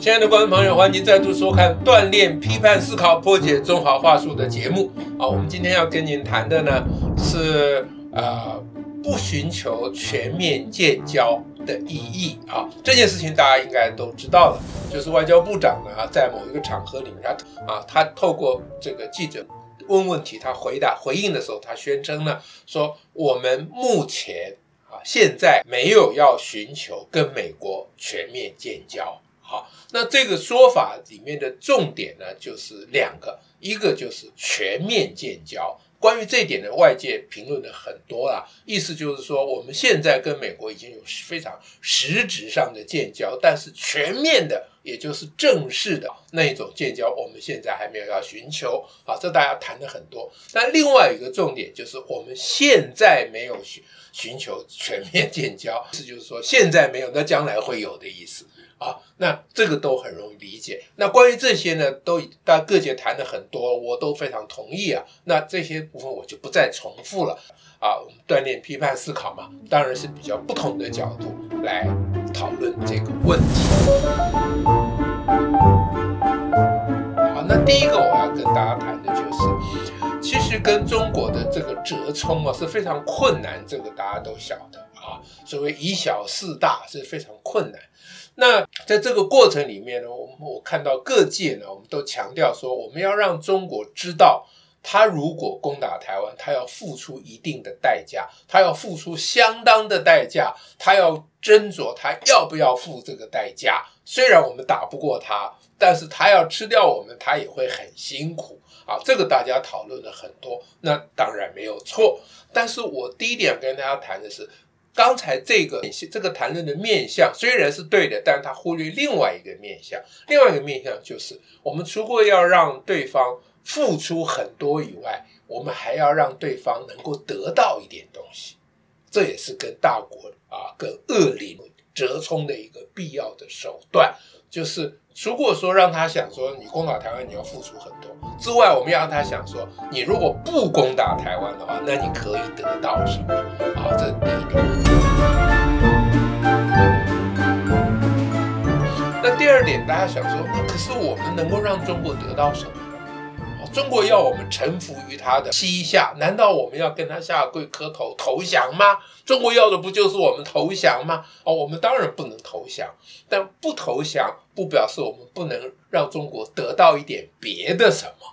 親愛的觀眾朋友，歡迎再度收看《鍛鍊批判思考，破解中華話術》的節目啊、哦！我們今天要跟您談的呢是，呃，不尋求全面建交的意義啊、哦！這件事情大家應該都知道了，就是外交部長呢，在某一個場合裡面啊，他透過這個記者問問題，他回答回應的時候，他宣稱呢說我們目前。啊，現在沒有要尋求跟美國全面建交。好，那這個說法裡面的重點呢，就是兩個，一個就是全面建交。關於這一點的外界評論的很多啦，啊，意思就是說，我們現在跟美國已經有非常實質上的建交，但是全面的。也就是正式的那一種建交，我們現在還沒有要尋求啊，這大家談得很多。那另外一個重點就是我們現在沒有尋尋求全面建交，意思就是說現在沒有，那將來會有的意思啊。那這個都很容易理解。那關於這些呢，都大家各界談得很多，我都非常同意啊。那這些部分我就不再重複了啊。我們鍛鍊批判思考嘛，當然是比較不同的角度來討論這個問題。第一個我要跟大家談的就是，其實跟中國的這個折衝啊，是非常困難，這個大家都曉得啊，所謂以小事大是非常困難。那在這個過程裡面呢，我我看到各界呢，我們都強調說，我們要讓中國知道。他如果攻打台灣，他要付出一定的代價，他要付出相當的代價，他要斟酌，他要不要付這個代價。雖然我們打不過他，但是他要吃掉我們，他也會很辛苦啊。這個大家討論了很多，那當然沒有錯。但是我第一點跟大家談的是，剛才這個這個談論的面向雖然是對的，但是他忽略另外一個面向，另外一個面向就是我們除非要讓對方。付出很多以外，我們還要讓對方能夠得到一點東西，這也是跟大國啊、跟惡鄰折衝的一個必要的手段。就是如果說讓他想說你攻打台灣，你要付出很多，之外，我們要讓他想說你如果不攻打台灣的話，那你可以得到什麼？啊，這是第一點。那第二點，大家想說，啊，可是我們能夠讓中國得到什麼？中國要我們臣服於他的膝下，難道我們要跟他下跪磕頭投降嗎？中國要的不就是我們投降嗎？哦，我們當然不能投降，但不投降不表示我們不能讓中國得到一點別的什麼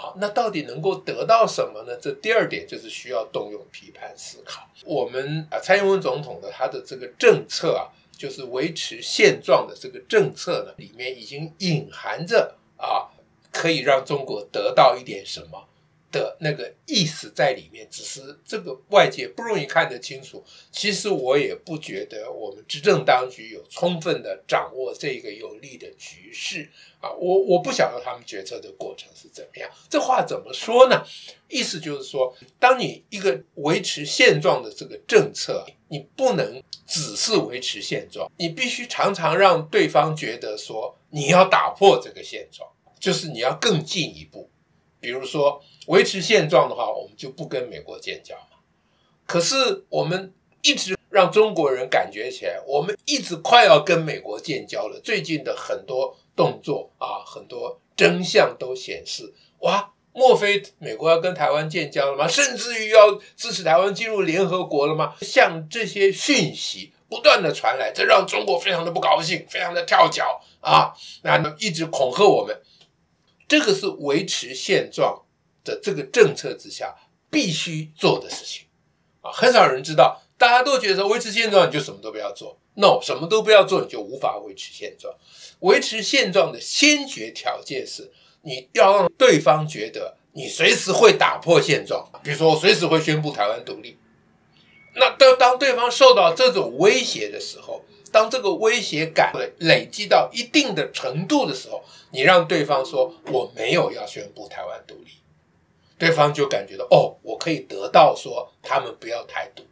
啊。哦，那到底能夠得到什麼呢？這第二點就是需要動用批判思考。我們啊，蔡英文總統的他的這個政策啊，就是維持現狀的這個政策呢，裡面已經隱含着啊。可以讓中國得到一點什麼的那個意思在裡面，只是這個外界不容易看得清楚。其實我也不覺得我們執政當局有充分的掌握這個有利的局勢啊，我，我我不曉得他們決策的過程是怎麼樣。這話怎麼說呢？意思就是說，當你一個維持現狀的這個政策，你不能只是維持現狀，你必須常常讓對方覺得說你要打破這個現狀。就是你要更進一步，比如說維持現狀的話，我們就不跟美國建交。可是我們一直讓中國人感覺起來，我們一直快要跟美國建交了。最近的很多動作啊，很多真相都顯示，哇，莫非美國要跟台灣建交了嗎？甚至於要支持台灣進入聯合國了嗎？像這些訊息不斷的傳來，這讓中國非常的不高興，非常的跳腳啊！那一直恐嚇我們。這個是維持現狀的這個政策之下必須做的事情，啊，很少有人知道。大家都覺得維持現狀你就什麼都不要做，no，什麼都不要做你就無法維持現狀。維持現狀的先決條件是你要讓對方覺得你隨時會打破現狀，比如說我隨時會宣布台灣獨立。那當當對方受到這種威脅的時候。當這個威脅感累積到一定的程度的時候，你讓對方說我沒有要宣布台灣獨立，對方就感覺到哦，我可以得到說他們不要台獨。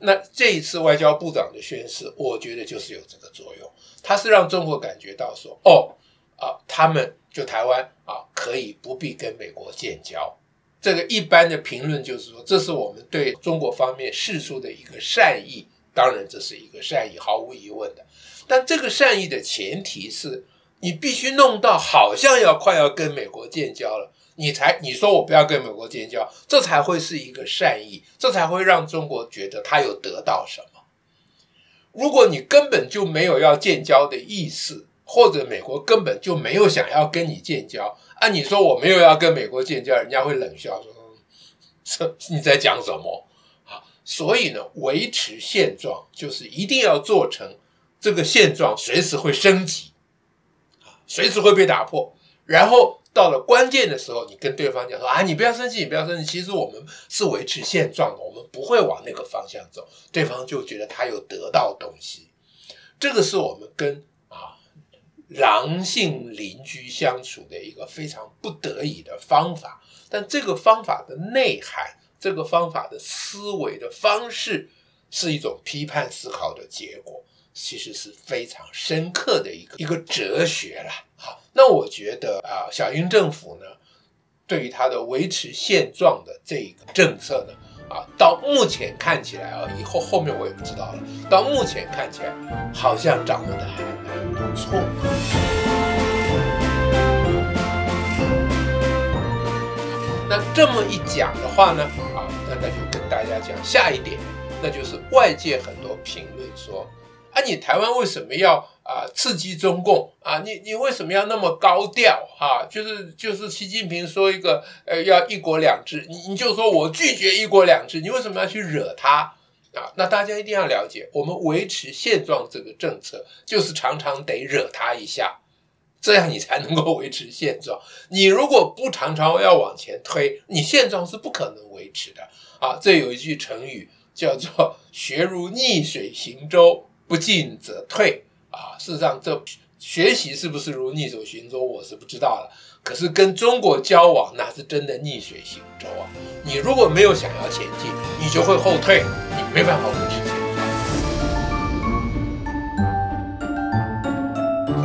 那這一次外交部長的宣示，我覺得就是有這個作用，他是讓中國感覺到說哦啊，他們就台灣啊可以不必跟美國建交。這個一般的評論就是說，這是我們對中國方面釋出的一個善意。當然，這是一個善意，毫無疑問的。但這個善意的前提是，你必須弄到好像要快要跟美國建交了，你才你說我不要跟美國建交，這才會是一個善意，這才會讓中國覺得他有得到什麼。如果你根本就沒有要建交的意思，或者美國根本就沒有想要跟你建交，按、啊、你說我沒有要跟美國建交，人家會冷笑說、嗯，你在講什麼？所以呢，維持現狀就是一定要做成這個現狀，隨時會升級，啊，隨時會被打破。然後到了關鍵的時候，你跟對方講說啊，你不要生氣，你不要生氣，其實我們是維持現狀的，我們不會往那個方向走。對方就覺得他有得到東西，這個是我們跟啊狼性鄰居相處的一個非常不得已的方法。但這個方法的內涵。這個方法的思維的方式是一種批判思考的結果，其實是非常深刻的一個一個哲學了。好，那我覺得啊，小英政府呢，對於他的維持現狀的這個政策呢，啊，到目前看起來啊，以後後面我也不知道了。到目前看起來，好像掌握的還蠻不錯的。那這麼一講的話呢，啊，那那就跟大家講下一點，那就是外界很多評論說，啊，你台灣為什麼要啊、呃、刺激中共啊？你你為什麼要那麼高調哈、啊，就是就是習近平說一個，呃，要一國兩制，你你就說我拒絕一國兩制，你為什麼要去惹他啊？那大家一定要了解，我們維持現狀這個政策，就是常常得惹他一下。這樣你才能夠維持現狀。你如果不常常要往前推，你現狀是不可能維持的啊。這有一句成語叫做“學如逆水行舟，不進則退”啊。事實上，這學習是不是如逆水行舟，我是不知道了。可是跟中國交往，那是真的逆水行舟啊。你如果沒有想要前進，你就會後退，你沒辦法維持現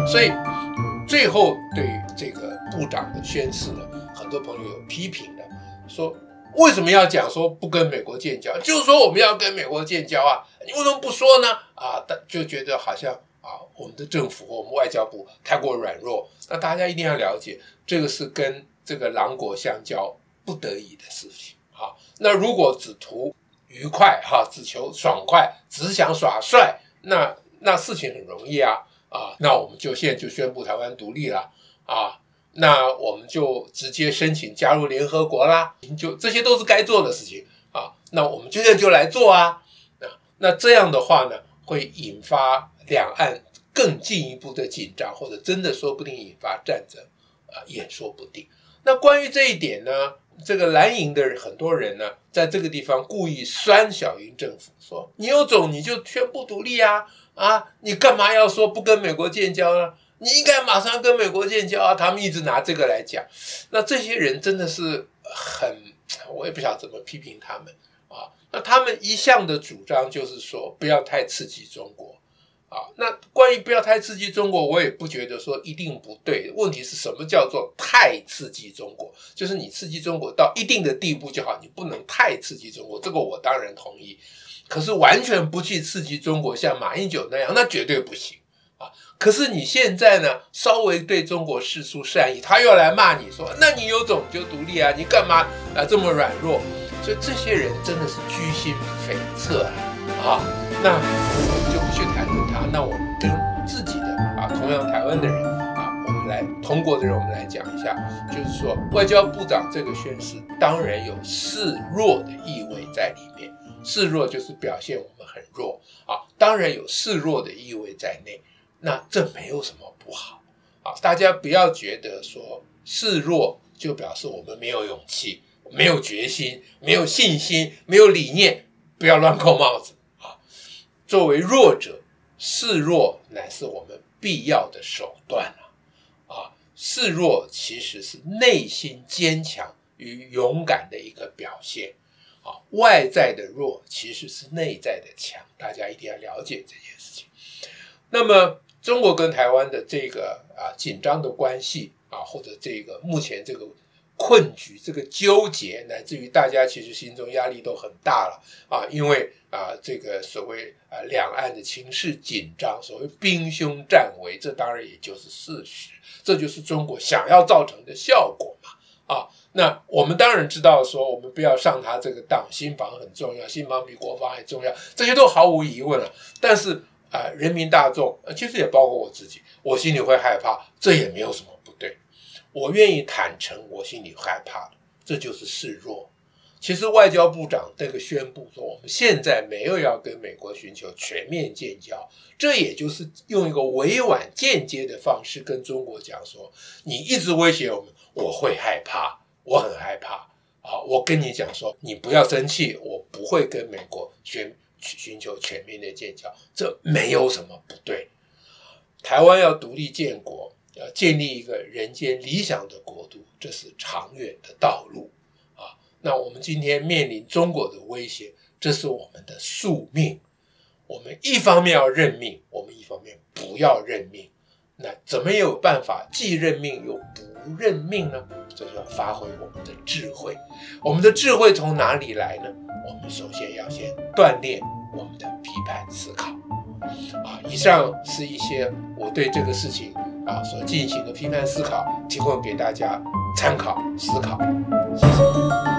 狀。所以。最後對這個部長的宣示呢，很多朋友有批評的，說為什麼要講說不跟美國建交？就是說我們要跟美國建交啊，你為什麼不說呢？啊，就覺得好像啊，我們的政府和我們外交部太過軟弱。那大家一定要了解，這個是跟這個狼國相交不得已的事情。哈，那如果只圖愉快，哈、啊，只求爽快，只想耍帥，那那事情很容易啊。啊，那我們就現在就宣布台灣獨立了啊，那我們就直接申請加入聯合國啦，就這些都是該做的事情啊，那我們現在就來做啊，啊，那這樣的話呢，會引發兩岸更進一步的緊張，或者真的說不定引發戰爭，啊，也說不定。那關於這一點呢，這個藍營的很多人呢，在這個地方故意酸小英政府，說你有種你就宣布獨立啊。啊，你幹嘛要說不跟美國建交呢？你應該馬上跟美國建交啊！他們一直拿這個來講，那這些人真的是很，我也不曉得怎麼批評他們啊。那他們一向的主張就是說，不要太刺激中國。啊，那關於不要太刺激中國，我也不覺得說一定不對。問題是什麼叫做太刺激中國？就是你刺激中國到一定的地步就好，你不能太刺激中國。這個我當然同意。可是完全不去刺激中國，像馬英九那樣，那絕對不行啊。可是你現在呢，稍微對中國釋出善意，他又來罵你說：“那你有種就獨立啊，你幹嘛啊這麼軟弱？”所以這些人真的是居心叵測啊！啊，那。那我們跟自己的啊，同樣台灣的人啊，我們來同國的人，我們來講一下，就是說外交部長這個宣示，當然有示弱的意味在裡面。示弱就是表現我們很弱啊，當然有示弱的意味在內。那這沒有什麼不好啊，大家不要覺得說示弱就表示我們沒有勇氣、沒有決心、沒有信心、沒有理念，不要亂扣帽子啊。作為弱者。示弱乃是我們必要的手段啊！啊，示弱其實是內心堅強與勇敢的一個表現啊，外在的弱其實是內在的強，大家一定要了解這件事情。那麼，中國跟台灣的這個啊緊張的關係啊，或者這個目前這個。困局這個糾結，乃至於大家其實心中壓力都很大了啊！因為啊，這個所謂啊兩岸的情勢緊張，所謂兵凶戰危，這當然也就是事實，這就是中國想要造成的效果嘛啊！那我們當然知道說，我們不要上他這個當，心防很重要，心防比國防還重要，這些都毫無疑問了、啊。但是啊，人民大眾，呃，其實也包括我自己，我心裡會害怕，這也沒有什麼。我願意坦誠，我心裡害怕，這就是示弱。其實，外交部長這個宣布說，我們現在沒有要跟美國尋求全面建交，這也就是用一個委婉間接的方式跟中國講說，你一直威脅我們，我會害怕，我很害怕。好，我跟你講說，你不要生氣，我不會跟美國尋尋求全面的建交，這沒有什麼不對。台灣要獨立建國。要建立一個人間理想的國度，這是長遠的道路啊！那我們今天面臨中國的威脅，這是我們的宿命。我們一方面要認命，我們一方面不要認命。那怎麼有辦法既認命又不認命呢？這就要發揮我們的智慧。我們的智慧從哪裡來呢？我們首先要先鍛鍊我們的批判思考。啊，以上是一些我對這個事情。啊，所進行的批判思考，提供給大家參考思考。謝謝。